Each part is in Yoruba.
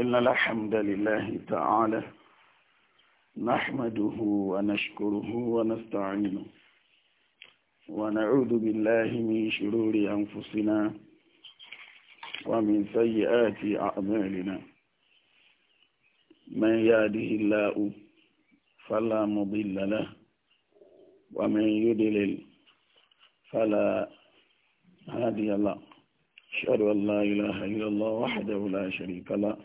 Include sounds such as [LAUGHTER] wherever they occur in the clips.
إن الحمد لله تعالى نحمده ونشكره ونستعينه ونعوذ بالله من شرور أنفسنا ومن سيئات أعمالنا من يهده الله فلا مضل له ومن يدلل فلا هادي له أشهد أن لا إله إلا الله وحده لا شريك له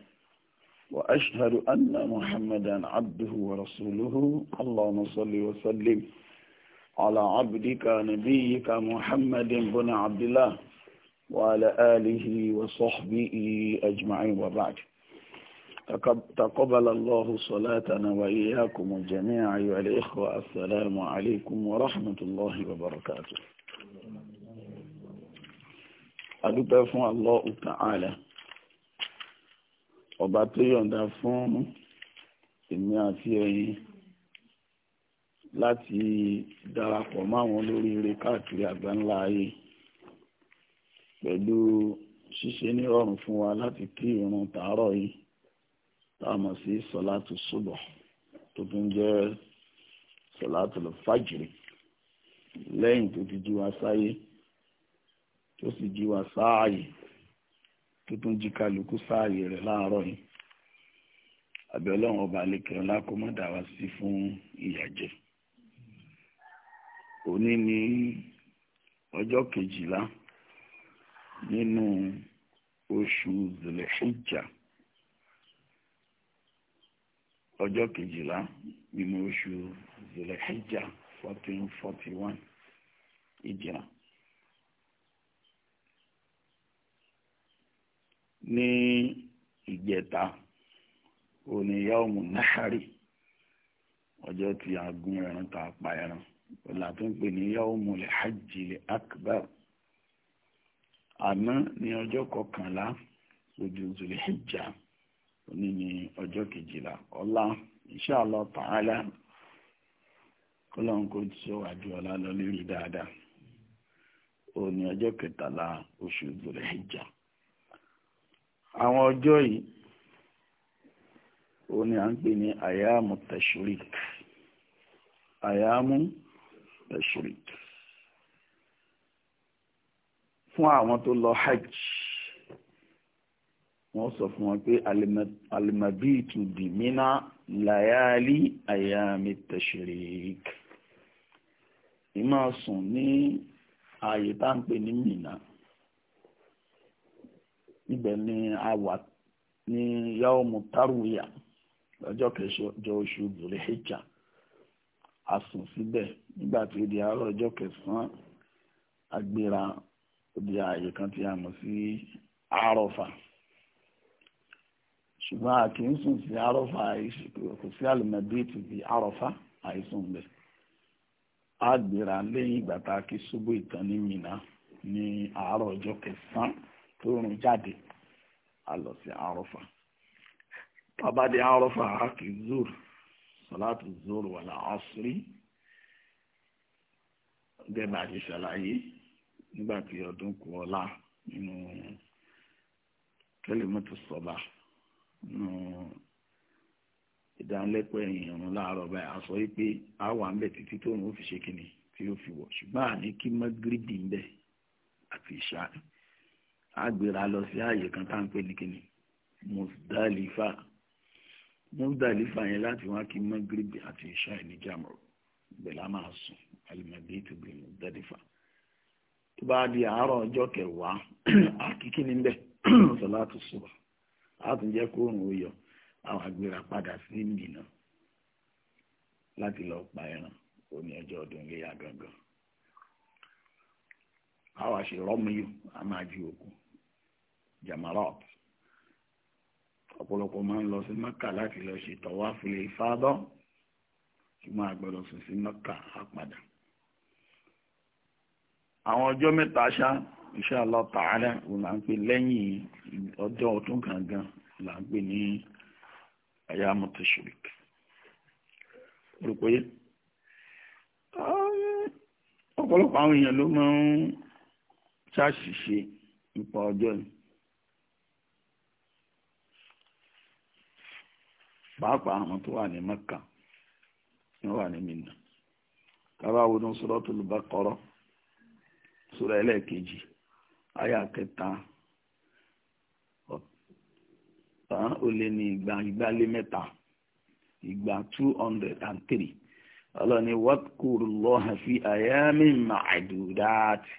وأشهد أن محمدا عبده ورسوله اللهم صل وسلم على عبدك نبيك محمد بن عبد الله وعلى آله وصحبه أجمعين وبعد تقبل الله صلاتنا وإياكم الجميع أيها الإخوة السلام عليكم ورحمة الله وبركاته أدب الله تعالى ọba tó yọ̀ǹda fún èmi àti ẹ̀yin láti darapọ̀ máwọn olóríire káàkiri àgbáńlá ayé pẹ̀lú ṣíṣe nírọ̀rùn fún wa láti kí ìrun tàárọ̀ yìí tá a mọ̀ sí sọ̀látù ṣùbọ̀ tó tún jẹ́ sọ̀látù lọ fàjìrì lẹ́yìn tó ti jí wa sáyé tó sì jí wa sáàyè tó tún jí kálukú sáàyè rẹ̀ láàárọ̀ yìí àbí ọlọ́run ọba àlekè ọlá kó má dà wá sí fún ìyàjẹ́ òní ní ọjọ́ kejìlá nínú oṣù zèlèhíjà ọjọ́ kejìlá nínú oṣù zèlèhíjà fourteen forty one ìjìnà. ní ìjẹta òní yaumu nahari ọjọ́ tí a gún ẹran tá a pa ẹran ni tó ń pè ní yaumu lè hajj lè akbar àná ní ọjọ́ kọkànlá ojú zulè hijja òní ní ọjọ́ kejìlá ọ̀la insha Allah ta'ala kọ́lọ́n kò sọ àjọ lọ dáadáa òní kẹtàlá oṣù hijja. àwọn ọjọ́ yìí ó ní à ń pè ní àyàmù tashrik àyàmù tashrik fún àwọn tó lọ hajj wọ́n sọ fún wọn pé alimabitu bi mina layali àyàmì tashrik ìmọ̀ sùn ní ààyè tá ń pè ní Mínà. ibẹ̀ ni a wà ní yawmu tarwiya lọ́jọ́ kẹjọ oṣù zulhijja a sùn síbẹ̀ nígbà tí o di àárọ̀ ọjọ́ kẹsàn-án agbéra di kan tí a mọ̀ sí àrọ̀fà ṣùgbọ́n a kì í sùn sí àrọ̀fà kò sí àlùmọ̀déètì bí àrọ̀fà àìsùn bẹ̀ a lẹ́yìn ìgbà tá a kí ṣubú ìtàn ní ní àárọ̀ ọjọ́ tó rùn jáde a sí arọ́fà tàbádé arọ́fà hákì zur sọláàtù zur wà láàásírí gẹ́gbà àti ṣàlàyé nígbàtí ọdún kù ọlá nínú kẹlẹ́mọ́tò sọ̀bà nínú ìdánilẹ́pọ̀ ẹ̀yìn láàárọ̀ báyìí a sọ wípé a wà ń bẹ̀ fi ṣe kíni tí ó fi wọ̀ ṣùgbọ́n àní kí ń a gbéra lọ sí ààyè kan tá à pè musdalifa musdalifa yẹn láti wá kí magrebi àti isha ní jamro bẹ̀lá máa sùn alimadi tó bí musdalifa tó bá di àárọ̀ ọjọ kẹwàá àkíkí ní bẹ́ẹ̀ sọláàtù sùbà láti jẹ́ kó òrùn yọ àwọn agbéra padà sí láti lọ pa ẹran ọdún gangan àwọn yìí a máa ju jamarot ọpọlọpọ máa ń lọ sí mẹ́kà láti lọ ṣe tọ̀wáfù lè fádọ́ ṣùgbọ́n àgbẹ̀rọ̀ sùn sí si maka àwọn ọjọ mẹ́ta ṣá insha Allah òun là ń pè ọdún gangan là ń pè ní ayyamu tashrik orúkọ ọpọlọpọ àwọn èèyàn ló máa ń ṣàṣìṣe nípa yìí pàápàá àwọn tó wà ní Mẹ́kà ni wọ́n wà ní Mínà kábàáwo ní Suratul Baqara sura ẹlẹ́ẹ̀kejì àyà kẹta ọ̀tàn ó ní ìgbà ìgbà lé mẹ́ta ìgbà two hundred and three ọlọ́ni wàkúrú lọ́hàn fi àyàmì màdùdáàtì.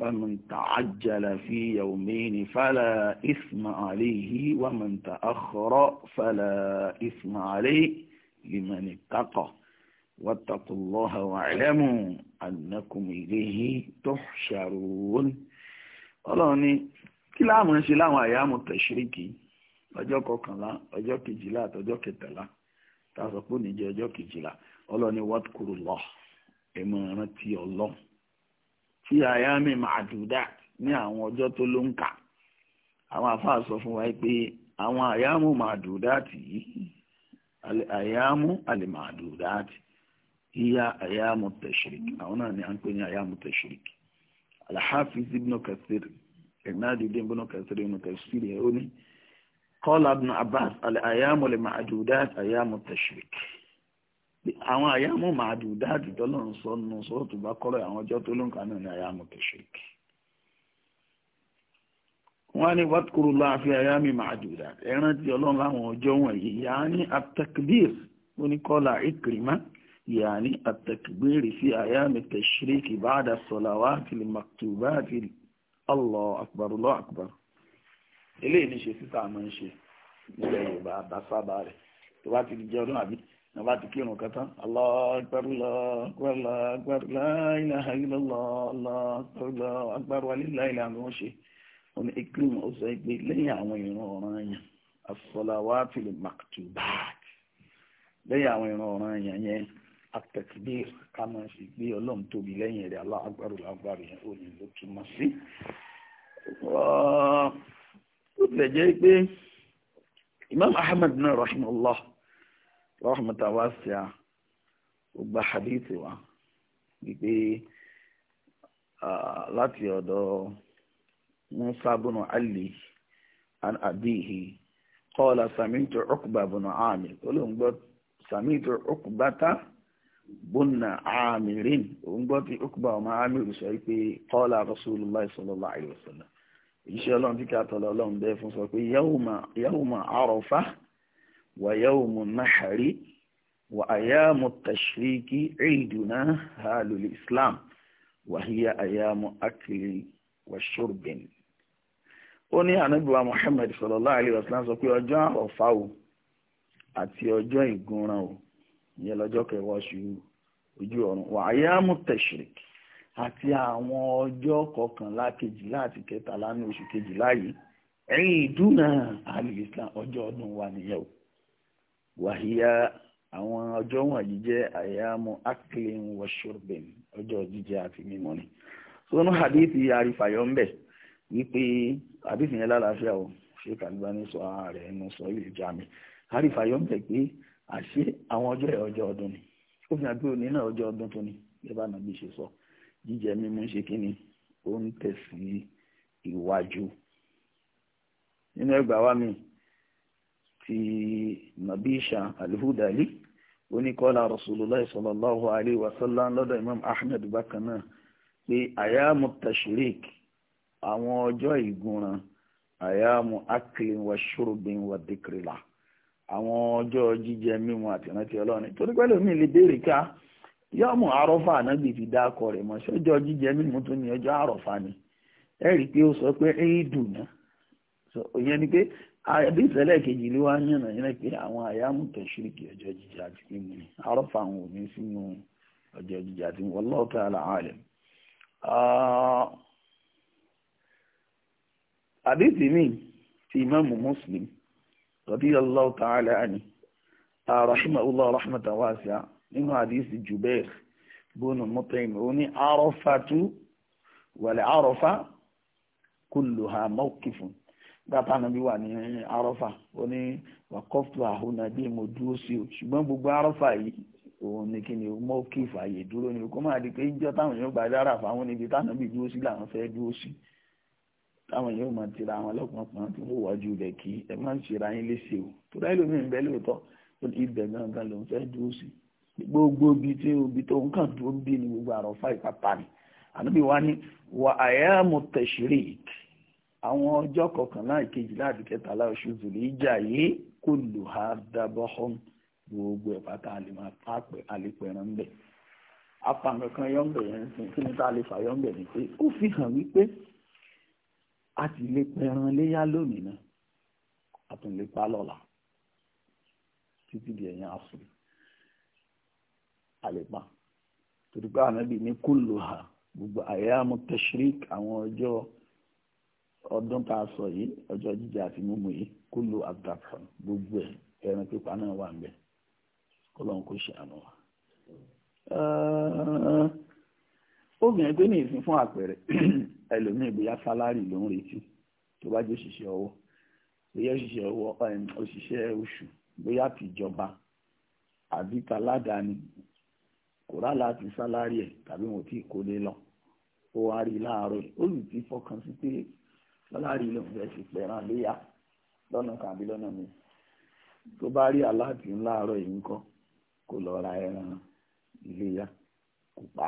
فمن تعجل في يومين فلا إثم عليه ومن تأخر فلا إثم عليه لمن اتقى واتقوا الله واعلموا أنكم إليه تحشرون ọlọ́run ni kí láàmù ń ṣe láwọn àyàmù tẹ̀ṣíríkì ọjọ́ kọkànlá ọjọ́ kejìlá àtọjọ́ kẹtàlá tá a sọ pé òní jẹ́ ọjọ́ kejìlá ọlọ́run wọ́n kúrò lọ ẹ̀mọ́ ìrántí ọlọ́run fi àyàmì màdùdà ní àwọn ọjọ́ tó ló ń kà àwọn àfáà sọ fún wa pé àwọn àyàmù màdùdà yìí àyàmù àlèmàdùdà ìyá àyàmù tẹ̀ṣìrìk àwọn náà ni à ń pè ní àyàmù tẹ̀ṣìrìk alhafiz ibn kathir ìnádìdín ibn kathir ibn kathir ẹ̀ ó ní kọ́lá ibn abbas àyàmù àlèmàdùdà àyàmù tẹ̀ṣìrìk àwọn àyàmú màdù dáàdù tọ́lọ́run sọ nù sọ́ọ̀tù bá kọ́rọ̀ àwọn ọjọ́ tó lóǹkà náà ní àyàmú kẹṣẹ́kì wọ́n ní wàtkúrú láàfi àyàmí màdù dáàdù ẹran tí ọlọ́run láwọn ọjọ́ wọ̀nyí yà á ní atakbir oníkọ́là ìkìrìmá yà á ní atakbir sí àyàmí kẹṣẹ́kì báàdà sọ̀làwátì maktubátì Allahu akbar Allahu akbar eléyìí ní ṣe títà máa ń ṣe nílẹ̀ Yorùbá wọ́n bá ti kírun kẹta Allahu akbar Allahu akbar Allahu akbar la ilaha illallah Allahu akbar Allahu akbar wa lillahi ìlànà wọn ṣe wọn ni ikrim ó sọ pé lẹ́yìn àwọn ìran ọ̀ràn yẹn as-salawatil maktubat lẹ́yìn àwọn ìran ọ̀ràn yẹn yẹn at-takbir ká máa ṣe gbé ọlọ́run tóbi rahmata wasi'a ó gba hadithi wa wípé láti ọ̀dọ̀ musa bunu ali an abihi qala sami'tu uqba bunu amir olóńgbò sami'tu uqbata bunna amirin òǹgbọ́ ti rasulullah sallallahu alaihi wa sallam iṣẹ́ ọlọ́run tí kí a yawma yawma ويوم النحر وأيام التشريك عيدنا هال الإسلام وهي أيام أكل وشرب ó ní ànábìwá Muhammad sallallahu alaihi wasallam sọ pé ọjọ́ ọ̀fà o àti ọjọ́ ìgúnran o ìyẹn lọ́jọ́ kẹwàá oṣù ojú ọ̀run wà ayámú tashrik àti àwọn ọjọ́ kọkànlá kejìlá àti kẹtàlá ní oṣù kejìlá yìí ẹ̀yìn ìdúnà àlè Islam ọjọ́ ọdún wa nìyẹn o wàhíyá àwọn ọjọ́ wọ̀nyí jẹ́ àyàmú aklin wa shurbin ọjọ́ jíjẹ àti mímu ni sọnù hadithi àrífàyọ́ ń bẹ̀ wípé hadithi yẹn lálàáfíà o ṣé kàlùbá ní sọ ara rẹ̀ ẹnu sọ ilé jami àrífàyọ́ ń bẹ̀ pé àṣé àwọn ọjọ́ ẹ̀ ọjọ́ ọdún ni ó fi hàn pé òní náà ọjọ́ ọdún tó ni bí bá nàbí ṣe sọ jíjẹ mímu ṣe kí ni ó ń tẹ̀sí iwájú nínú ẹgbàá wa mi àti mabisha alhudali oníkọ́lá rasulullah sallallahu alayhi wa sallam lọ́dọ̀ imam ahmed bákan náà pé ayamu tashrik àwọn ọjọ́ ìgúnran ayamu aklin wa shurubin wa dikrila àwọn ọjọ́ jíjẹ mímu àti ìrántí ọlọ́run torí pẹ́lú mi lè béèrè ká yọ́mù àrọ́fà náàbì fi dákọ rẹ̀ mọ́ ṣọ́jọ́ jíjẹ mímu tó ní ọjọ́ àrọ́fà ni ẹ pé ó sọ pé éèdù náà ìyẹn ni pé àdìsẹ́ lẹ́ẹ̀kejì ló wá yànnà yẹn pé àwọn àyàmù tó ṣíríkì ọjọ́ jíjà àti mímu ni àrọ́fà àwọn òní sínú ọjọ́ jíjà àti mímu wallahu ta'ala alim. Ah, àdìsí mi ti imáàmù Muslim radiyallahu ta'ala anhu ah, rahimahullah rahmatan wasi'a nínú àdìsí Jubair bónú Mut'im ó ní àrọ́fà tú wal àrọ́fà kulluha mawqifun gbàtà nàbí wà ní arọ́fà ó ní wàkọ́fù àhùnà bí mo dúró sí o ṣùgbọ́n gbogbo arọ́fà yìí òun ni kí ni o mọ́ kí ìfàyè dúró ni o kó máa di pé ń jọ táwọn èèyàn gbàdé ara fáwọn níbi táwọn bí dúró sí làwọn fẹ́ dúró sí táwọn èèyàn máa tira àwọn ọlọ́pàá kan tó wò wájú rẹ̀ kí ẹ má ṣe ra yín léṣe o tó dá ìlú ń bẹ lóòótọ́ ibẹ̀ gangan lòun fẹ́ dúró sí gbogbo ibi tí ibi tó ń kàn dúró bí ni gbogbo àrọ̀fà ìpàpà ni ànábì wa ni wà àyà mo tẹ̀sírèkì àwọn ọjọ́ kọkànlá ìkejìlá àti kẹtàlá oṣù zùlíjà yìí kò lò ha dábọ́hún gbogbo ẹ̀pátá àlèpẹ̀rẹ̀ ń bẹ̀. apankankan yọ̀ǹbẹ̀ yẹn sìn kí ni tá a lè fà yọ̀ǹbẹ̀ ni pé ó fi hàn wípé a ti lè pẹran léyà lónìí náà a tún lè pa lọ́la títí di ẹ̀yìn àsùn a lè pa torí pé ànábì ní kúlò ha gbogbo àyà mú tẹ̀síríkì àwọn ọjọ́ ọdún tá a sọ yìí ọjọ́ jíjẹ àti mímu yìí kó lo abdulhasan gbogbo ẹ̀ ẹran pípa náà wà ńbẹ̀ kọlọ́n kò ṣe àná wa. obìnrin pé ní ìsìn fún àpẹẹrẹ [CLEARS THROAT] ẹlòmíì bóyá sálárì ló ń retí tó bá jẹ́ òṣìṣẹ́ ọwọ́ bóyá òṣìṣẹ́ ọwọ́ òṣìṣẹ́ oṣù bóyá tìjọba àbí taládàáni kò rà láti sálárì ẹ̀ tàbí wọn ò tí ì kólé lọ ó wá rí i láàárọ̀ ó sì ti fọkàn sí pé sálárì ló ń fẹ́ fi pẹ̀ràn léyà lọ́nà kàbí lọ́nà mi tó bá rí aláàtì ńláàárọ̀ yìí ńkọ́ kó lọ ra ẹran iléyà kò pa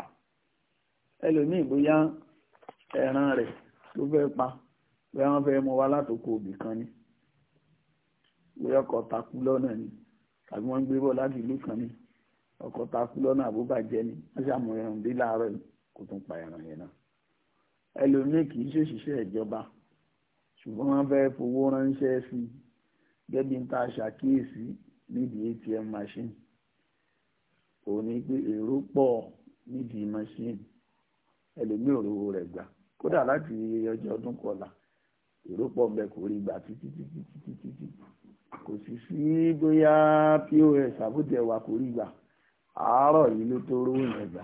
ẹlòmíì bóyá ẹran rẹ̀ tó fẹ́ pa bóyá wọ́n fẹ́ mú wa látòkò òbí kan ni bóyá ọkọ̀ takú lọ́nà ni tàbí wọ́n ń gbé bọ̀ láti ìlú kan ni ọkọ̀ takú lọ́nà àbúbàjẹ́ ni wọ́n ṣàmú ẹran dé láàárọ̀ yìí kó tún pa ẹran yẹn náà ẹlòmíì kì í ṣòṣìṣẹ́ ìjọba ṣùgbọ́n wọ́n fẹ́ fowó ránṣẹ́ sí i gẹ́gẹ́ bí ta ṣàkíyèsí nídìí atm machine ò ní pé èrò pọ̀ nídìí machine ẹlòmíì òróró rẹ̀ gbà kódà láti ọjọ́ ọdún kọlà èrò pọ̀ bẹ́ẹ̀ kò rí gbà títí títí títí títí kò sì sí bóyá pos àbútẹ̀ wà kò rí gbà àárọ̀ yìí ló tó rówó yẹn gbà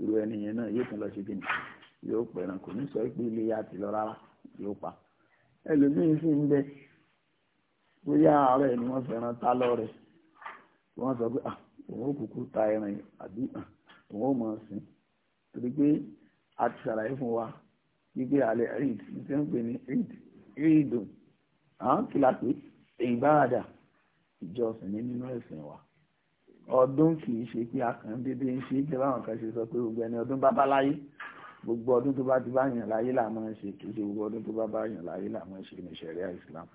irú ẹni yẹn náà yóò tún lọ ṣe kí ni yóò pẹ̀ràn kò ní sọ pé ilé yá ti lọ rárá yóò pa ẹlòmíín sì ń bẹ bóyá ààrẹ ni wọ́n fẹ́ràn ta lọ́rẹ wọ́n sọ pé ah, òun ò kúkú ta ẹran àbí ah, òun ò mọ̀ sí torí pé a ti ṣàlàyé fún wa wípé àlẹ́ eid ṣe ń pè ní eid eid àwọn kìlá pé ìbáradà ìjọsìn ní nínú ẹ̀sìn wa ọdún kì í ṣe pé a kàn déédéé ń ṣe é jẹ́ báwọn kan ṣe sọ pé gbogbo ẹni ọdún bábáláyé gbogbo ọdún tó bá ti bá yàn láyé là máa ń ṣe kì í ṣe gbogbo ọdún tó bá bá yàn láyé là máa ń ṣe ní ṣẹ̀ríà Islam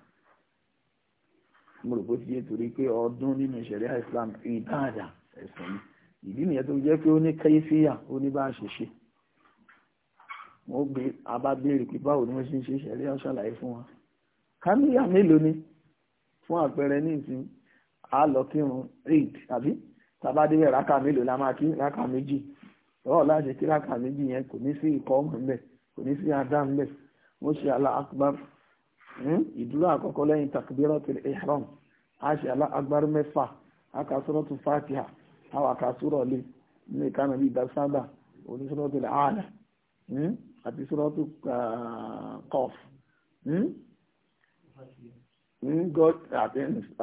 mo rò pé ti yé torí pé ọdún nínú ṣẹ̀ríà Islam ìbáàdà ẹ̀sìn ni ìdí nìyẹn tó jẹ́ pé ó ní kẹ́yífíyà ó ní bá a ṣe ṣe wọ́n gbé abábéèrè pé báwo ni ṣe ń ṣe ṣẹ̀ríà ṣàlàyé fún wa káníyà mélòó ni fún àpẹẹrẹ ní ìsìn á lọ kírun eid sọ́ọ̀ láti kíráka méjì yẹn kò ní sí ikọ́ ọmọ ńbẹ̀ kò ní sí adá ńbẹ̀ wọ́n ṣe Allahu hmm? ìdúró àkọ́kọ́ lẹ́yìn takbiratul ihram a ṣe Allahu mẹ́fà a ka suratu fatiha a wà ní ìkànnì bíi dasada oní suratul aala hmm? àti suratu ah, qaf hmm? god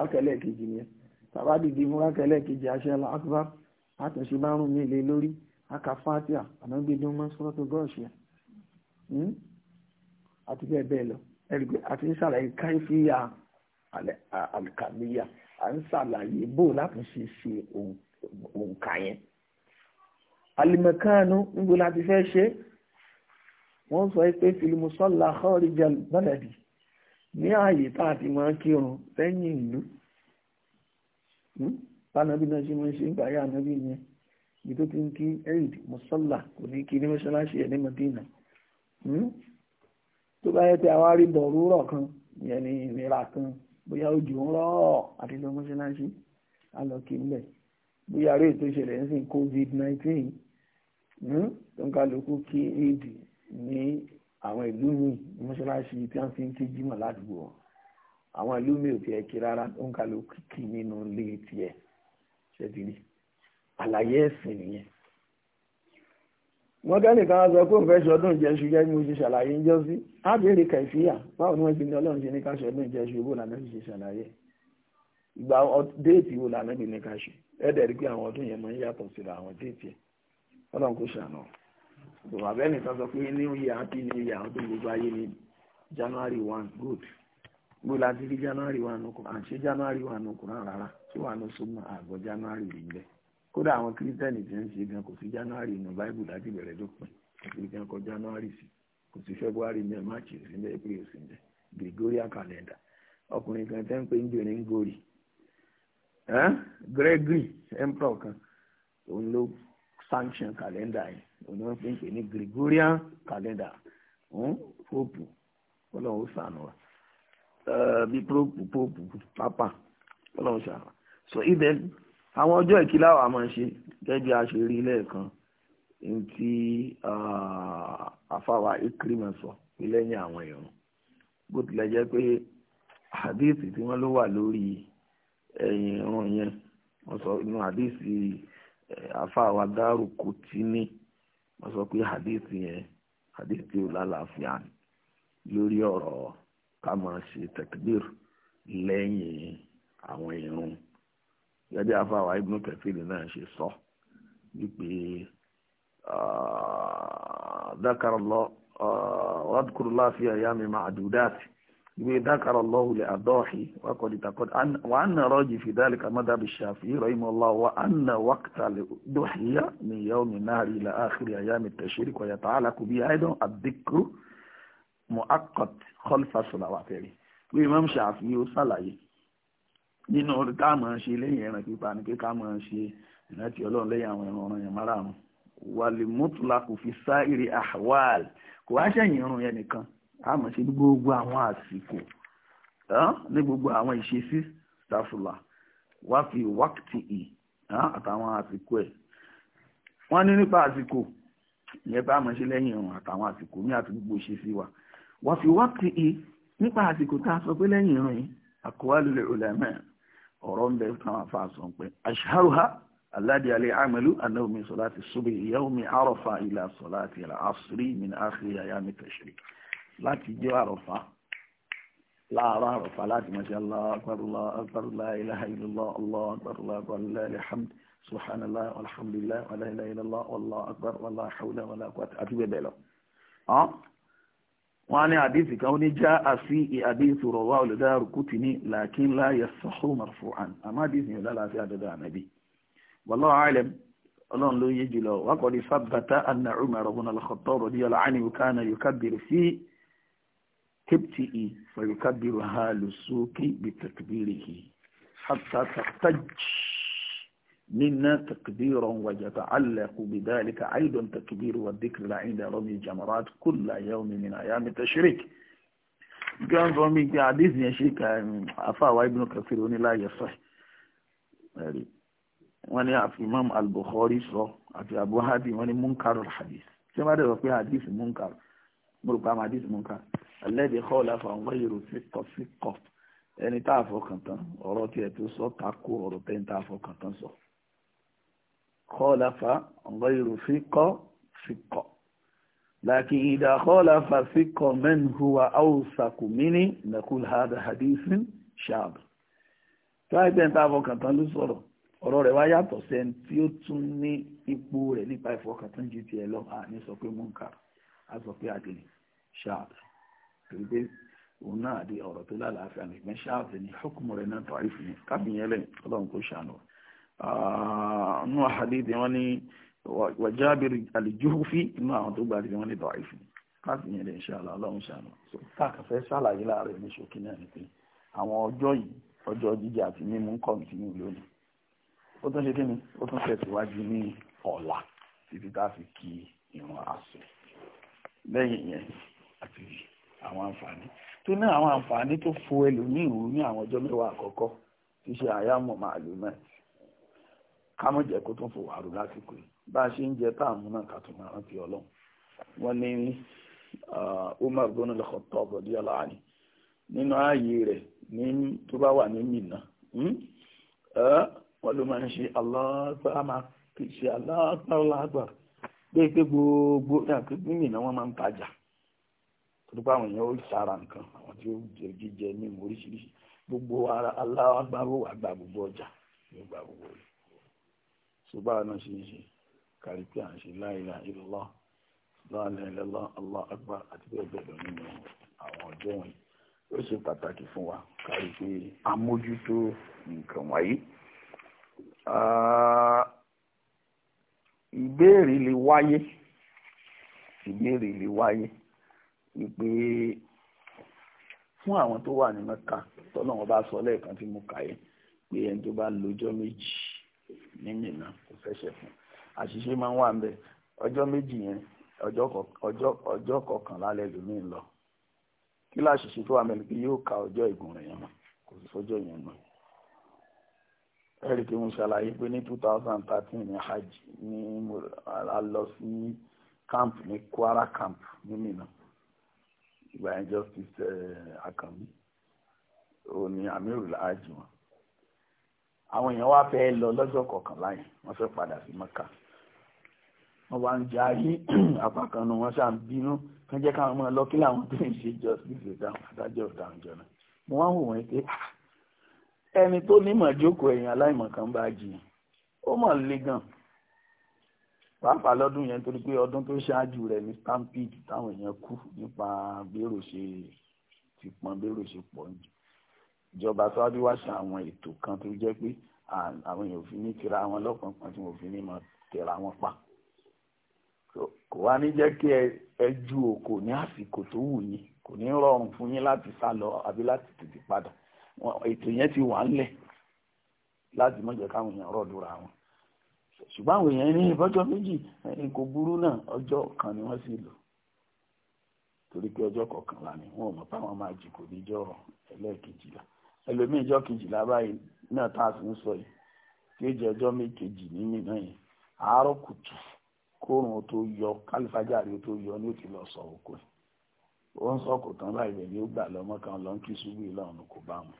akẹ́lẹ́ kejì yẹn tàbá dìde múra kẹ́lẹ́ kejì a ṣe Allahu a tún ṣe márùn-ún mi lé lórí. aka fatia ànágbédé ọmọ sọ́rọ́ tó gọ́ọ̀ṣì ẹ̀ àti bẹ́ẹ̀ bẹ́ẹ̀ lọ ẹ̀rìgbẹ́ àti ń ṣàlàyé káyífìyà àlùkàmíyà à ń ṣàlàyé bó láti ṣe ṣe òǹkà yẹn alimẹ̀kánu níbo láti fẹ́ ṣe wọ́n sọ pé filimusọ́lá kọ́ọ̀rìjà bọ́lẹ̀dì ní ààyè tá a ti máa kírun lẹ́yìn ìlú hmm? bánabi náà ṣe máa ń ṣe ń gbà yá yẹn ibi tó ti ń kí eid musalla kò ní kí ní mọ́ṣáláṣí ẹ̀ ní Madina hmm? tó bá yẹ pé àwa rí bọ̀rúrọ̀ kan ìyẹn ní ìnira kan bóyá òjò ń rọ̀ àti lọ mọ́ṣáláṣí á lọ kí ń bẹ̀ bóyá rí ètò ìṣẹ̀lẹ̀ ń sìn covid nineteen hmm? tó ń kálukú kí eid ní àwọn ìlú mi mọ́ṣáláṣí tí wọ́n fi ń kí jímọ̀ ládùúgbò wọn àwọn ìlú mi ò tiẹ̀ kí rárá tó ń kálukú kí nínú ilé tiẹ̀ ṣẹ́bìrì àlàyé ẹ̀sìn nìyẹn wọ́n kẹ́lì kan sọ pé òǹfẹ́ ṣọdún ìjẹṣu jẹ́ mú ṣe ṣàlàyé ìjọ sí ábẹ̀rẹ̀ kẹfíà báwo ni wọ́n ti ní ọlọ́run ṣe ní ká ṣọdún ìjẹṣu bó lànà ṣe ṣàlàyé ìgbà déètì wo lànà bí ní ká ṣe ẹ̀dẹ̀ rí pé àwọn ọdún yẹn mọ̀ ń yàtọ̀ síra àwọn déètì ẹ̀ ọlọ́run kò ṣàná bàbá bẹ́ẹ̀ni kan sọ pé ní oyè happy new year àwọn tó gbogbo ayé ní january one good gbogbo láti rí january one nù kùrán january one nù kùrán rárá tí wàá nù súnmọ́ àgọ́ january rí bẹ́ẹ̀ kódà àwọn kírísítẹ́nì ti ń ṣe gan kò sí january nù báíbù láti bẹ̀rẹ̀ dópin kìí kọ january sí kò sí february ní march sí ní april sí gregorian calendar ọkùnrin kan tẹ́ ń pè ń jòrè ń gregory emperor kan òun ló sanction calendar yìí òun ló ń pè ní gregorian calendar pope ọlọ́run ó sànù wa bí pope pope papa ọlọ́run sànù wa so ibẹ̀. àwọn ọjọ́ ìkílá wa máa ṣe gẹ́gẹ́ bí a ṣe rí lẹ́ẹ̀kan ti àfàwà sọ lẹyin lẹ́yìn àwọn ìrun bó tilẹ̀ jẹ́ pé àdéhìsì tí wọ́n ló wà lórí ẹ̀yìn ìrun yẹn wọ́n sọ inú àdéhìsì àfàwà dárò kò tí ní wọ́n sọ pé àdéhìsì yẹn àdéhìsì tí ò lálàáfíà lórí ọ̀rọ̀ ká máa ṣe lẹ́yìn gẹ́gẹ́ bí afáwa ibùdó kẹfìlì náà ṣe sọ wípé dákàrọ̀lọ́ wàdùkúrúlá fi àyà mi máa àdúdáàtì wípé dákàrọ̀lọ́ wulẹ̀ àdọ́ọ̀hì wákọ̀dì takọ́ wà á nà rọ́ọ̀jì fìdálì kàmádà bí ṣàfi rọ́ìmọ́lá wà á nà wákàtàlẹ̀ dọ́hìyà ní yàwó mi náà rí ilẹ̀ àkìrì àyà mi tẹ̀ṣírí kọ̀yà tààlà kù bí àìdán àdìkú nínú ká máa ṣe lẹ́yìn ẹran pípa ni pé ká máa ṣe ìrántí ọlọ́run lẹ́yìn àwọn ẹran ọ̀ràn yẹn márààrún wàlímútùlá kò fi sá ìrì àwàl kò wá ṣẹ̀yìn irun yẹn nìkan á máa ṣe ní gbogbo àwọn àsìkò ní gbogbo àwọn ìṣesí sàfùlà wá fi wákìtì ì àtàwọn àsìkò ẹ̀ wọ́n ní nípa àsìkò ìyẹn bá ṣe lẹ́yìn irun àtàwọn àsìkò ní àti gbogbo ìṣesí wa wá fi wákìtì ì nípa àsìkò tá a sọ pé lẹ́yìn irun yìí àkọ́wálulẹ̀ òlẹ́mẹ́rin ọ̀rọ̀ ń bẹ táwọn afa sọ pé aṣááruha aládé alẹ́ amẹ́lú anáwómi sọlá ti súbẹ̀ ìyáwómi àròfà ilà sọlá ti rà àṣírí mi ní àṣírí àyà mi tẹ̀sírí láti jẹ́ àròfà láàárọ̀ àròfà láti mọ̀ sí allah akbar allah akbar la ilaha illallah allah akbar allah akbar lillahi alhamd subhanallah alhamdulillah wọ́n ní àdísì kan ní já àfi àdísì rọ̀wá olùdáàrú kùtì ní làákín láyé sọ́hó marfu'an àmọ́ àdísì yóò lálàáfíà àdọ́dọ́ ànábì wallahu a'lam ọlọ́run ló yé jùlọ wákọ̀ ní sábàtà anna umar ibn al-khattab radiyallahu anhu kana yukabbiru fi kibtihi fa yukabbiru halu suqi bi takbirihi hatta taqtaj منا تقديرا ويتعلق بذلك أيضا تكبير والذكر عند رمي الجمرات كل يوم من أيام التشريك كان رمي حديث يشيك أفاوى ابن كثير لا يصح wọ́n ní àfi imam al-bukhari sọ àti abu hadi wọ́n ní munkar al-hadith ṣé wọ́n dẹ̀ sọ pé hadith munkar gbọ́dọ̀ pa àwọn hadith munkar alẹ́dẹ̀ kọ́ọ̀lá fún àwọn ghayru síkọ̀ síkọ̀ ẹni tá a fọkàn tán ọ̀rọ̀ tiẹ̀ tó sọ takò ọ̀rọ̀ tẹ́ ń tá a fọkàn tán sọ khalafa ghayru thiqa thiqa lakin idha khalafa thiqa man huwa awsaqu minni naqul hadha hadithun shadh tó àìpẹ́ níta àfọkàntán ló sọ̀rọ̀ ọ̀rọ̀ rẹ̀ wá yàtọ̀ sẹ́ni tí ó tún ní ipò rẹ̀ nípa ìfọkàntán ju tiẹ̀ lọ àní sọ pé munkar a sọ pé àgèlè ṣáàbù torí pé òun náà di ọ̀rọ̀ tó lálàáfíà nìkan ṣáàbù ni hukumu rẹ̀ náà tọ́ àìfún mi lẹ́yìn ọlọ́run kò ṣàánú rẹ̀ nú àhàdìdì wọn ni wàjábìrì àlìjúfi inú àwọn tó gba àdìdì wọn ni dọ̀ìfì láti yẹn lè ṣàlà ọlọ́run ṣàlà so táàkàfẹ́ ṣàlàyé láàárẹ̀ ní ṣókí náà ni pé àwọn ọjọ́ yìí ọjọ́ jíjẹ àti mímu ń kọ̀ǹtínú lónìí ó tún ṣe kí ni ó tún tẹ̀síwájú ní ọ̀la títí tá a fi kí ìrun àṣẹ lẹ́yìn yẹn àti àwọn àǹfààní tó ní àwọn àǹfààní tó fo ẹlòmíì rú ní àwọn ọjọ́ mẹ́wàá àkọ́kọ́ tí ṣe àyàmọ̀ màálù náà ká mọ̀ jẹ́ kó tún fò wàrú lásìkò yìí bá a ṣe ń jẹ tá à ń mú náà ká tún máa rántí ọlọ́run wọ́n ní uh, Umar bin al-Khattab radiyallahu anhu nínú ààyè rẹ̀ ní tó bá wà ní Mínà hmm? eh, wọ́n ló máa ń ṣe aláàgbà kì í ṣe aláàgbà lágbà pé pé gbogbo ní Mínà wọ́n máa ń tajà tó bá àwọn èèyàn ó sára nǹkan àwọn tí ó jẹ jíjẹ ní oríṣiríṣi gbogbo aláàgbà ó wà gba gbogbo ọjà yóò gba gbogbo rẹ̀ ṣùgbọ́n àná ṣe ń ṣe kárí pé à ń ṣe la ilaha illallah la ilaha illallah Allahu akbar àti bẹ́ẹ̀ bẹ́ẹ̀ lọ nínú àwọn ọjọ́ wọ̀nyí ó ṣe pàtàkì fún wa kárí pé amójútó nǹkan wáyé ìbéèrè lè wáyé ìbéèrè lè wáyé wípé fún àwọn tó wà ní Mẹ́kà tọ́lọ́wọ́n bá sọ lẹ́ẹ̀kan tí mo kà yẹ pé ẹni tó bá lọ́jọ́ méjì nímìnà kò ṣẹ̀ṣẹ̀ fún àṣìṣe máa ń wà ń bẹ ọjọ́ méjì yẹn ọjọ́ kọkànlá lẹ́lòmíì ń lọ kí láṣìṣe tó wà mẹ́lẹ̀ yóò ka ọjọ́ ìgùn rẹ̀ yẹn mọ́ kò sí sọ́jọ́ yẹn mọ́ ẹ̀rí pé mo ṣàlàyé pé ní two thousand thirteen ní hajj ní mo lọ sí ní Kwara camp ní Minna ìgbà yẹn justice eh, Akanbi òní amirul hajj wọn àwọn èèyàn wá fẹ́ lọ lọ́jọ́ kọkànlá yìí wọ́n fẹ́ padà sí mọ́kà wọ́n wá ń jẹ ayé [CLEARS THROAT] apákanu wọn ṣáà ń bínú wọ́n jẹ́ káwọn ọmọ lọ kí làwọn tó ń ṣe justice ìdáhùn adájọ́ ìdáhùn jọ̀nà mo wá ń wò wọ́n pé ah, ẹni tó nímọ̀ jókòó ẹ̀yìn aláìmọ̀ kan bá jiyàn ó mọ̀ lé gan pàápàá lọ́dún yẹn torí pé ọdún tó ṣáájú rẹ̀ ní stampede táwọn èèyàn kú nípa bérò ṣe ti pọn bérò ṣe pọ̀ jù ìjọba sáwádìí wá ṣe àwọn ètò kan tó jẹ́ pé àwọn èèyàn òfin ní tira wọn lọ́kànkan tí wọn òfin ní mọ tẹ̀ra wọn pa kò wá ní jẹ́ kí ẹ ju òkò ní àsìkò tó wù yín kò ní rọrùn fún yín láti sá lọ àbí láti tètè padà ètò yẹn ti wà ńlẹ̀ láti má jẹ́ káwọn èèyàn rọ̀dúra wọn ṣùgbọ́n àwọn èèyàn ní ìbọ́jọ́ méjì kò burú náà ọjọ́ kan ni wọ́n sì lò torí pé ọjọ́ kọkànlá ni wọn ò mọ̀ pé máa jì kò níjọ́ ẹlẹ́ẹ̀kejìlá ẹlòmíì ìjọ kejìlá báyìí náà tá a sì ń sọ yìí kéjì ọjọ́ méjèèjì nínú náà yìí àárọ̀ kùtù kóòrùn tó yọ kálífàjárì tó yọ ní òkè lọ sọ òkú ẹ̀ ó ń sọ kò tán báyìí bẹ̀ ni ó gbà lọ́mọ kan lọ́n kí ṣubú ìlànà kò bá mu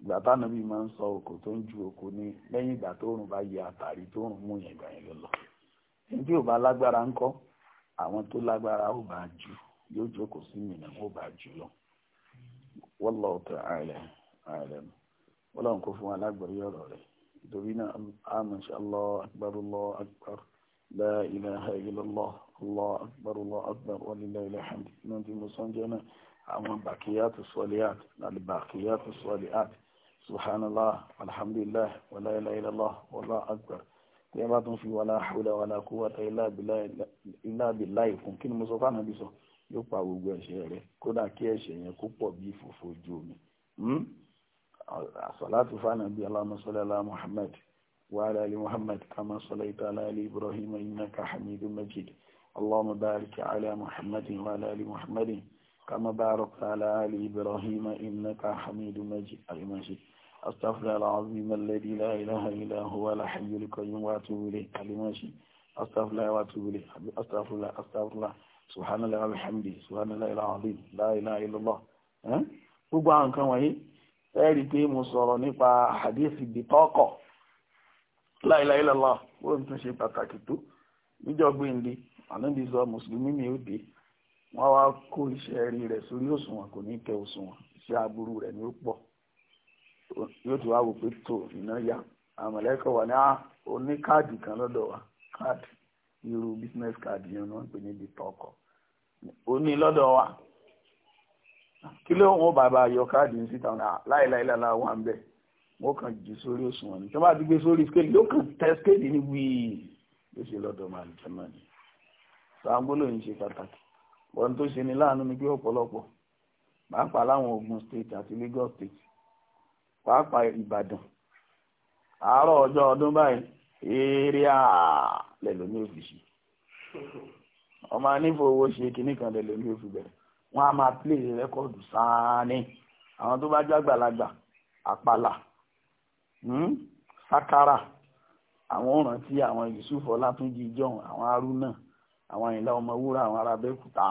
ìgbà táwọn bí máa ń sọ òkò tó ń ju òkò ní lẹ́yìn ìgbà tó rùn bá yẹ àtàrí tó rùn mú yẹn gbà yẹn lọ ẹni ò bá lágbára ń àwọn tó lágbára ó bá jù yóò jókòó sí mìíràn ó bá jù lọ wallahu ta'ala ààrẹ̀mù ọlọ́run kò fún alágbọ̀rí ọ̀rọ̀ rẹ̀ nítorí náà àmàṣà allah akbar allah akbar la ilaha illallah allah akbar allah akbar wa lillahi alhamd náà tí mo sọ́njẹ́ náà àwọn bàkíyàtù sọ́líàt àti bàkíyàtù sọ́líàt subhanallah alhamdulillah wa la ilaha illallah allah akbar tí a bá tún fi wàlá hawla wàlá quwwata illa billahi ìkún kí ni mo sọ fánà bí sọ yóò pa gbogbo ẹ̀ṣẹ̀ rẹ̀ kódà kí ẹ̀ṣẹ̀ yẹn kó pọ̀ bí fòfò ju omi hmm? àsọ̀látù fánàbí Allahumma salli ala Muhammad وعلى آل محمد كما صليت على آل إبراهيم إنك حميد مجيد اللهم بارك على محمد وعلى آل محمد كما باركت على آل إبراهيم إنك حميد مجيد المجيد أستغفر العظيم الذي لا إله إلا هو الحي القيوم وأتوب إليه المجيد أستغفر الله وأتوب إليه أستغفر الله أستغفر الله سبحان الله وبحمده سبحان الله العظيم لا إله إلا الله ها أه؟ gbogbo àwọn nǹkan wọ̀nyí ẹ̀rí pé mo sọ̀rọ̀ nípa hadith bitọ́kọ̀ la ilaha illallah bóyá tún ṣe pàtàkì tó níjọ́ gbéǹde mùsùlùmí mi ó dé wọ́n wá kó iṣẹ́ ẹ̀rí rẹ̀ sórí òṣùwọ̀n kò ní kẹ òṣùwọ̀n iṣẹ́ aburú rẹ̀ ni ó pọ̀ yóò ti wá wò pé tó iná yá àmọ̀lẹ́kọ̀ wà ní ah, oní kan lọ́dọ̀ wa káàdì irú business card yẹn ni wọ́n pè ní bitọ́kọ̀ kí ló ń bàbá yọ káàdì ní síta ah, láìláìláìlá wà ń bẹ̀ wọ́n kàn jù sórí òṣùwọ̀n ni tí wọ́n bá ti gbé sórí scale yóò kàn tẹ scale ní wíì ló ṣe lọ́dọ̀ máa jẹ náà ni sàgbólò yìí ṣe pàtàkì wọn tó ṣe ni láàánú ni pé ọ̀pọ̀lọpọ̀ pàápàá láwọn Ògùn state àti Lagos state pàápàá Ìbàdàn àárọ̀ ọjọ́ ọdún báyìí eré àà lẹ́lòmí òfìsì ọmọ anífowó ṣe kinní kan lẹ́lòmí òfì bẹ̀rẹ̀ wọ́n á máa play rẹ́kọ̀dù sáání àwọn tó bá jẹ́ àgbàlagbà àpàlà hmm, sákárà àwọn ọ̀ràn tí àwọn Yusuf Ọlátúnjí john àwọn Haruna àwọn Àyìnlá Ọmọwúrà àwọn arábẹ́kúta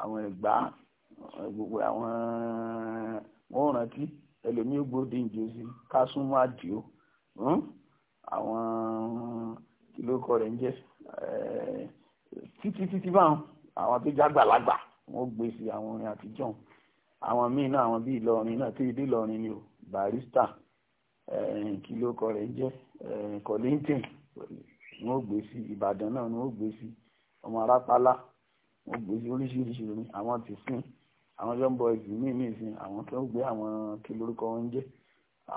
àwọn Ẹ̀gbá gbogbo àwọn wọn ò rántí ẹlòmíín gbòde ìjọsí kásùnmọ àdìo hmm, àwọn kìlókọ rẹ ń jẹ títí títí báwọn àwọn tó jágbàlagbà wọ́n gbé sí àwọn orin àtijọ́ àwọn míì náà àwọn bíi ìlọrin náà tí ìdí ìlọrin ni o barista eh, kí ló kọ rẹ̀ jẹ́ Kollington eh, wọ́n gbé sí ìbàdàn náà wọ́n gbé sí ọmọ arápálá wọ́n gbé sí oríṣiríṣi orin àwọn ti sìn àwọn young boys míì míì sìn àwọn tó gbé àwọn kí lórúkọ wọn jẹ́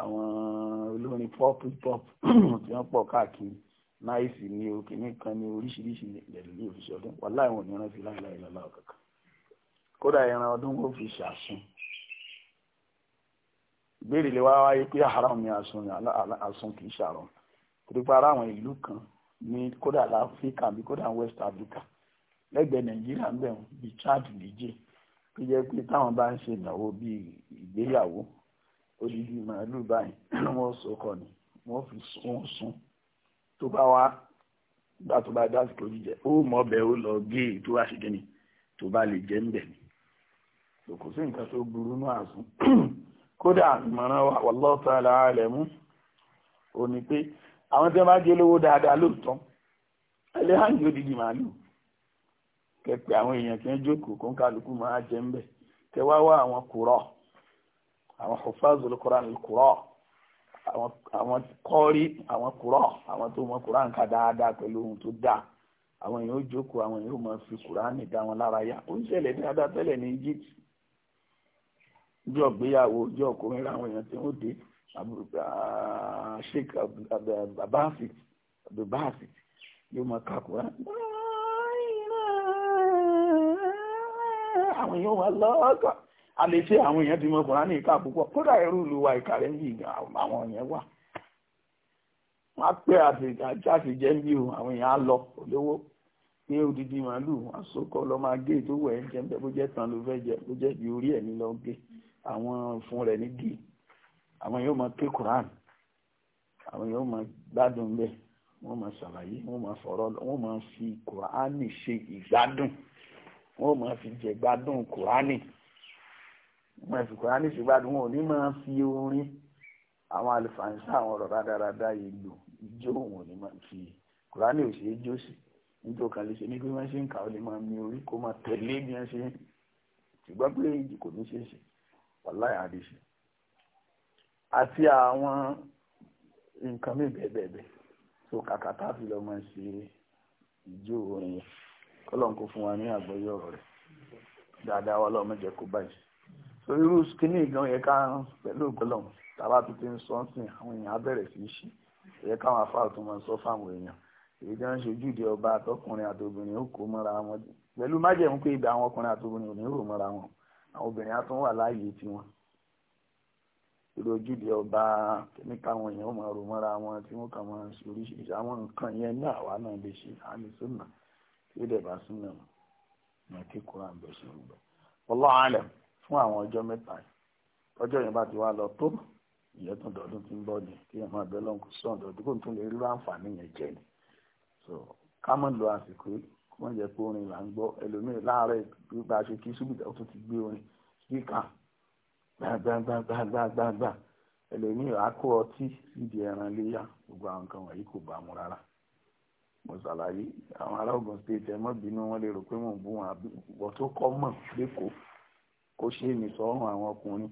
àwọn olórin pop hip hop tí wọ́n pọ̀ káàkiri náìsì ni o kìnnìkan ni oríṣiríṣi lẹ́lẹ́lẹ́ òṣìṣẹ́ ọdún wàláì wọn ò ní láìláìlá kankan kódà ẹran ọdún kò fi ṣàṣùn ìbéèrè lè wá wáyé pé haram ni àṣùn àṣùn kì í ṣàrọ̀ torípa ara àwọn ìlú kan ní kódà láfíríkà bí kódà west africa lẹ́gbẹ̀ẹ́ nàìjíríà ń bẹ̀rù bí chad níjẹ̀ tó jẹ́ pé táwọn bá ń ṣe ìnáwó bíi ìgbéyàwó odidi màálùú báyìí wọ́n sọkọ ni wọ́n fi wọ́n sun tó bá wá gbà tó bá dásìkò jíjẹ ó mọ̀ bẹ́ẹ̀ ó lọ gé èyí tó tó bá lè jẹ́ ń bẹ̀ ni so kò sí nǹkan tó burú ní àsùn [CLEARS THROAT] kódà ìmọ̀ràn wa wallahu ta'ala alamu ò ní pé àwọn tí wọ́n bá jẹ́ lówó dáadáa lóòótọ́ ẹlẹ́hàjì odidi màálù kẹpẹ àwọn èèyàn kí wọ́n jókòó kó ń kálukú máa jẹ ń bẹ̀ kẹ wá wá àwọn kùrọ̀ àwọn hufazul Qur'an kùrọ̀ àwọn kọ́rí àwọn kùrọ̀ àwọn tó mọ Qur'an ká dáadáa pẹ̀lú ohun tó dáa àwọn èèyàn ó jókòó àwọn èèyàn ó máa fi Qur'an dá wọn lára yá ó ń ṣẹlẹ̀ dáadáa tẹ́lẹ̀ ní Egypt ọjọ́ ìgbéyàwó ọjọ́ ọkùnrin làwọn èèyàn tí wọ́n dé sheik abdulbasi abdulbasi yóò máa kakura àwọn èèyàn wà lọ́ọ̀kọ̀ àlèṣe àwọn èèyàn ti mọ ọkùnrin ní ìka púpọ̀ kódà irú ìlú wa ìka rẹ̀ ń yí àwọn èèyàn wà wọ́n á pẹ́ àtìjẹ́ ń bí o àwọn èèyàn á lọ olówó ní odidi màálù wọn á sókọ́ lọ́ máa gé ètò wẹ̀ ń jẹ́ bó jẹ́ tán ló fẹ́ jẹ bó jẹ́ bí orí ẹ̀ ní lọ́ọ́ gé àwọn fún rẹ̀ ní d àwọn yóò máa ké Quran àwọn yóò máa gbádùn bẹ́ẹ̀ wọ́n máa ṣàlàyé wọ́n máa fọ̀rọ̀ wọ́n máa fi kùránì ṣe ìgbádùn wọ́n máa fi jẹ gbádùn kùránì wọ́n máa fi kùránì ṣe gbádùn wọn ò ní máa fi orin àwọn àlùfàǹṣà àwọn ọ̀rọ̀ rádaràda ìlú ijó wọn ò ní máa fi kùránì ò ṣe é jó sí nítorí kan lè ṣe ní bí wọ́n ṣe ń kà ó lè máa mi orí kó máa tẹ̀lé bí wọ́n ṣe ń ṣùgbọ́n pé kò ní ṣe é ṣe wàláì àdìsí àti àwọn nǹkan mi bẹ́ẹ̀bẹ́ẹ̀bẹ́ tó kàkà tá a fi lọ máa ṣe ìjó orin kọ́lọ́n kó fún wa ní àgbọ́yé ọ̀rọ̀ rẹ̀ dáadáa wa lọ́ọ́ mẹ́jẹ kó báyìí so irú kíní gan yẹ ká pẹ̀lú ògbọ́lọ́n tàbá tó ti ń sọ ń sìn àwọn èèyàn á bẹ̀rẹ̀ sí í ṣí yẹ káwọn afáà tó máa sọ fáwọn èèyàn èyí tí wọ́n ṣe ojúde ọba àtọkùnrin àtobìnrin ó kó mọ́ra wọn pẹ̀lú májẹ̀mú pé ibà àwọn ọkùnrin àtobìnrin ò ní rò mọ́ra wọn àwọn obìnrin á tún wà láàyè tiwọn irú ojúde ọba kẹ́míkà wọn yẹn ó máa rò mọ́ra wọn tí wọ́n kàn máa ṣe oríṣiríṣi àwọn nǹkan yẹn ní àwa náà lè ṣe àmì súnà tí ó dẹ̀ bá súnà ní akẹ́kọ̀ọ́ àgbẹ̀ṣe ọgbẹ́ wallahu alam fún àwọn ọjọ́ mẹ́ta ọjọ́ yẹn bá ti wá lọ tó ìyẹn tún dọ̀dún tí ń bọ̀ ni kí èèyàn máa bẹ́ lọ́nkù sọ̀dọ̀dún kò tún lè rí láǹfààní yẹn jẹ ni so ká mọ̀ lo àsìkò yìí wọ́n jẹ́ pé orin là ń gbọ́ ẹlòmíì láàárẹ̀ gbígbà ṣe kí ṣùgbọ́n ó tún ti gbé orin spíkà gbàgbàgbàgbàgbà ẹlòmíì á kó ọtí síbi ẹran léyà gbogbo àwọn nǹkan wọ̀nyí kò bá mu rárá mo ṣàlàyé àwọn ará Ògùn state ẹ mọ́ bínú wọn lè rò pé mò ń bú wọn àbí tó kọ́ mọ̀ lẹ́kọ̀ọ́ kó ṣe é ní àwọn ọkùnrin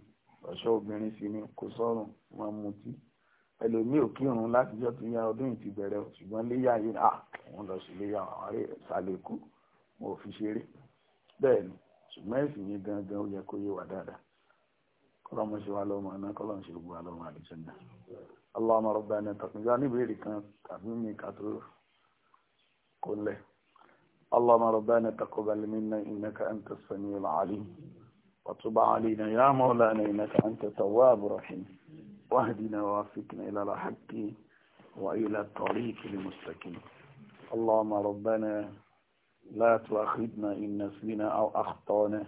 ọ̀ṣọ́ obìnrin sì ni kò sọ́run wọn mutí ẹlòmíì ò kírun látijọ́ tó yá ọdún yìí ti bẹ̀rẹ̀ ṣùgbọ́n léyà yìí à òun lọ sí léyà àwọn aré ṣàlékù wọn ò fi ṣeré bẹ́ẹ̀ ni ṣùgbọ́n ẹ̀sìn yìí gangan ó yẹ kó yé wa dáadáa kọ́lọ́mọ wa lọ́mọ iná kọ́lọ́mọ ṣe wa lọ́mọ àdìsẹ́ńdà aláwọ̀ ọ̀rọ̀ bẹ́ẹ̀ ni níbèrè kan tàbí mi kà tó kó lẹ̀ aláwọ̀ ọ̀rọ̀ bẹ́ẹ̀ ni taqabbal minna innaka anta as-sami'ul alim wa tub 'alaina ya mawlana innaka anta at-tawwabur rahim واهدنا ووفقنا إلى الحق وإلى الطريق المستقيم اللهم ربنا لا تؤاخذنا إن نسينا أو أخطأنا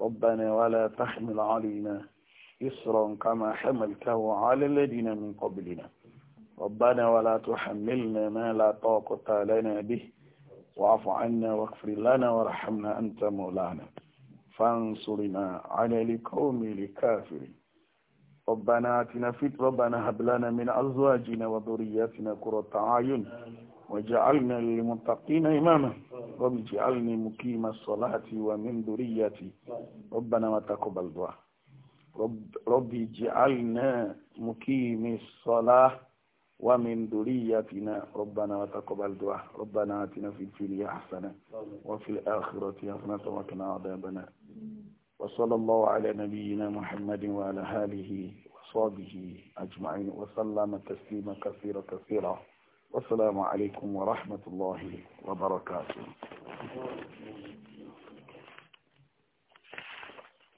ربنا ولا تحمل علينا إسرا كما حملته على الذين من قبلنا ربنا ولا تحملنا ما لا طاقة لنا به واعف عنا واغفر لنا وارحمنا أنت مولانا فانصرنا على القوم الكافرين ربنا آتنا في ربنا هب لنا من أزواجنا وذرياتنا قرة أعين وجعلنا للمتقين إماما رب اجعلني مقيم الصلاة ومن ذريتي ربنا وتقبل دعاء رب اجعلنا مقيم الصلاة ومن ذريتنا ربنا وتقبل دعاء ربنا آتنا في الدنيا حسنة وفي الآخرة حسنة وقنا عذابنا وصلى الله على نبينا محمد وعلى آله وصحبه أجمعين وسلم تسليما كثيرا كثيرا والسلام عليكم ورحمة الله وبركاته